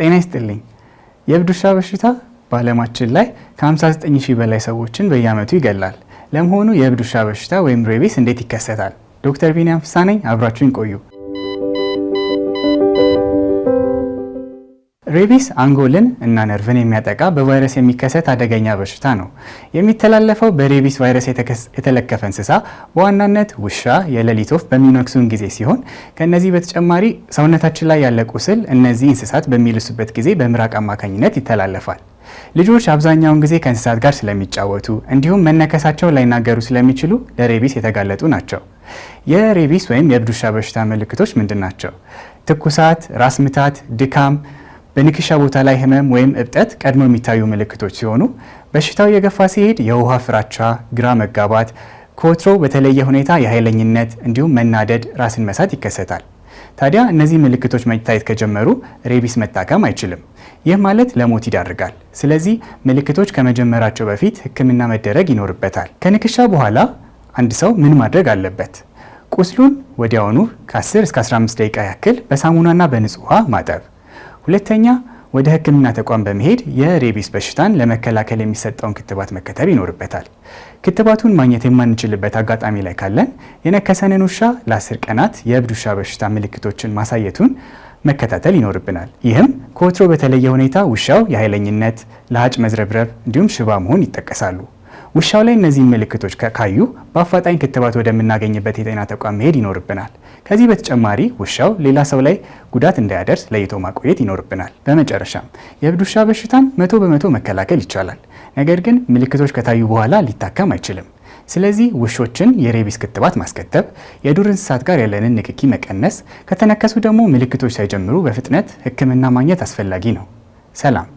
ጤና ይስጥልኝ። የእብድ ውሻ በሽታ በዓለማችን ላይ ከ59 ሺህ በላይ ሰዎችን በየዓመቱ ይገላል። ለመሆኑ የእብድ ውሻ በሽታ ወይም ሬቢስ እንዴት ይከሰታል? ዶክተር ቢኒያም ፍሳነኝ አብራችሁን ቆዩ። ሬቢስ አንጎልን እና ነርቭን የሚያጠቃ በቫይረስ የሚከሰት አደገኛ በሽታ ነው። የሚተላለፈው በሬቢስ ቫይረስ የተለከፈ እንስሳ በዋናነት ውሻ፣ የሌሊት ወፍ በሚነክሱን ጊዜ ሲሆን ከእነዚህ በተጨማሪ ሰውነታችን ላይ ያለ ቁስል እነዚህ እንስሳት በሚልሱበት ጊዜ በምራቅ አማካኝነት ይተላለፋል። ልጆች አብዛኛውን ጊዜ ከእንስሳት ጋር ስለሚጫወቱ እንዲሁም መነከሳቸው ላይናገሩ ስለሚችሉ ለሬቢስ የተጋለጡ ናቸው። የሬቢስ ወይም የእብድ ውሻ በሽታ ምልክቶች ምንድን ናቸው? ትኩሳት፣ ራስ ምታት፣ ድካም በንክሻ ቦታ ላይ ህመም ወይም እብጠት ቀድሞ የሚታዩ ምልክቶች ሲሆኑ በሽታው የገፋ ሲሄድ የውሃ ፍራቻ፣ ግራ መጋባት፣ ከወትሮ በተለየ ሁኔታ የኃይለኝነት እንዲሁም መናደድ፣ ራስን መሳት ይከሰታል። ታዲያ እነዚህ ምልክቶች መታየት ከጀመሩ ሬቢስ መታከም አይችልም። ይህ ማለት ለሞት ይዳርጋል። ስለዚህ ምልክቶች ከመጀመራቸው በፊት ሕክምና መደረግ ይኖርበታል። ከንክሻ በኋላ አንድ ሰው ምን ማድረግ አለበት? ቁስሉን ወዲያውኑ ከ10 እስከ 15 ደቂቃ ያክል በሳሙናና በንጹህ ውሃ ማጠብ ሁለተኛ ወደ ሕክምና ተቋም በመሄድ የሬቢስ በሽታን ለመከላከል የሚሰጠውን ክትባት መከተብ ይኖርበታል። ክትባቱን ማግኘት የማንችልበት አጋጣሚ ላይ ካለን የነከሰንን ውሻ ለ10 ቀናት የእብድ ውሻ በሽታ ምልክቶችን ማሳየቱን መከታተል ይኖርብናል። ይህም ከወትሮ በተለየ ሁኔታ ውሻው የኃይለኝነት፣ ለሀጭ መዝረብረብ እንዲሁም ሽባ መሆን ይጠቀሳሉ። ውሻው ላይ እነዚህን ምልክቶች ካዩ በአፋጣኝ ክትባት ወደምናገኝበት የጤና ተቋም መሄድ ይኖርብናል። ከዚህ በተጨማሪ ውሻው ሌላ ሰው ላይ ጉዳት እንዳያደርስ ለይቶ ማቆየት ይኖርብናል። በመጨረሻም የእብድ ውሻ በሽታን መቶ በመቶ መከላከል ይቻላል። ነገር ግን ምልክቶች ከታዩ በኋላ ሊታከም አይችልም። ስለዚህ ውሾችን የሬቢስ ክትባት ማስከተብ፣ የዱር እንስሳት ጋር ያለንን ንክኪ መቀነስ፣ ከተነከሱ ደግሞ ምልክቶች ሳይጀምሩ በፍጥነት ሕክምና ማግኘት አስፈላጊ ነው። ሰላም።